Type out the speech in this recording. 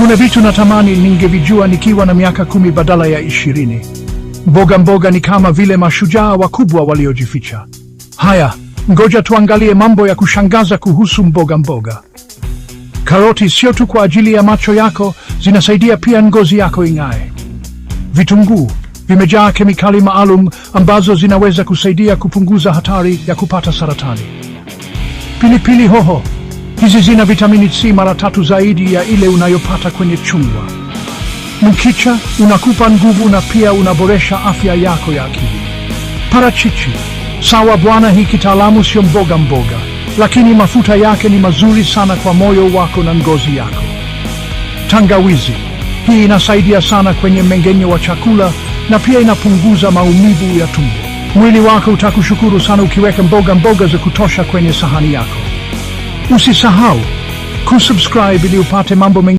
Kuna vitu natamani ningevijua nikiwa na miaka kumi badala ya ishirini. Mboga mboga ni kama vile mashujaa wakubwa waliojificha. Haya, ngoja tuangalie mambo ya kushangaza kuhusu mboga mboga. Karoti sio tu kwa ajili ya macho yako, zinasaidia pia ngozi yako ing'ae. Vitunguu vimejaa kemikali maalum ambazo zinaweza kusaidia kupunguza hatari ya kupata saratani. Pilipili hoho Hizi zina vitamini C mara tatu zaidi ya ile unayopata kwenye chungwa. Mchicha unakupa nguvu na pia unaboresha afya yako ya akili. Parachichi sawa bwana, hii kitaalamu sio mboga mboga, lakini mafuta yake ni mazuri sana kwa moyo wako na ngozi yako. Tangawizi hii inasaidia sana kwenye mmeng'enyo wa chakula na pia inapunguza maumivu ya tumbo. Mwili wako utakushukuru sana ukiweka mboga mboga za kutosha kwenye sahani yako. Usisahau kusubscribe ili upate mambo mengi.